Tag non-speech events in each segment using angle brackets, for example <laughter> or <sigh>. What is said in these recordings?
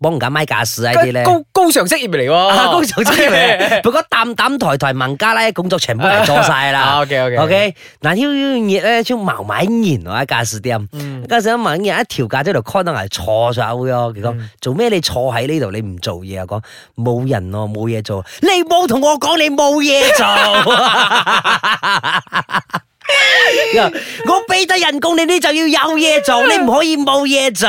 幫人家買駕駛呢啲咧，高高尚職業嚟喎，高尚職業。不過擔擔抬抬孟加拉嘅工作全部係做晒啦。OK OK OK。嗱，呢樣嘢咧超冇買人喎，駕駛店。駕駛一孟加拉一條架喺度 call，等嚟坐晒會哦。佢講，做咩你坐喺呢度，你唔做嘢啊？講冇人咯，冇嘢做。你冇同我講，你冇嘢做。 <laughs> 我俾得人工你，你就要有嘢做，你唔可以冇嘢做。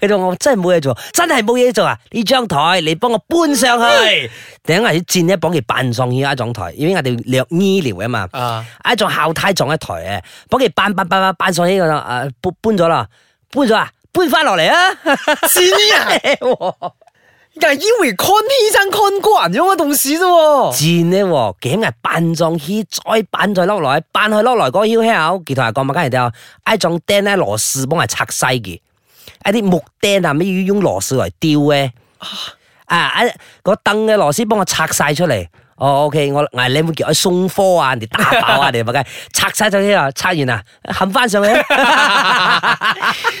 佢同我真係冇嘢做，真係冇嘢做啊！呢張台你幫我搬上去，頂係 <laughs> 要佔一幫佢扮上去。一種台，因為我哋做醫療啊嘛，啊，一種後太，撞一台啊，幫佢扮扮扮扮搬上去個啦，搬搬咗啦，搬咗啊，搬翻落嚟啊，黐咩？就係以換 c o 生、器身 con 管咁嘅東西啫，賤咧、啊，驚係扮撞器再扮再落來，扮去落來，嗰個要開口，佢台講乜鬼嘢啫？一仲釘咧螺絲幫我拆晒嘅，一啲木釘啊，咩要用螺絲嚟吊嘅？啊啊，啊嗰個凳嘅螺絲幫我拆晒出嚟。哦，OK，我嗌你唔叫佢送貨啊，人哋打包啊，你仆街，啊， <laughs> 拆晒就先啦，拆完啊，冚翻上去。 <laughs> <laughs>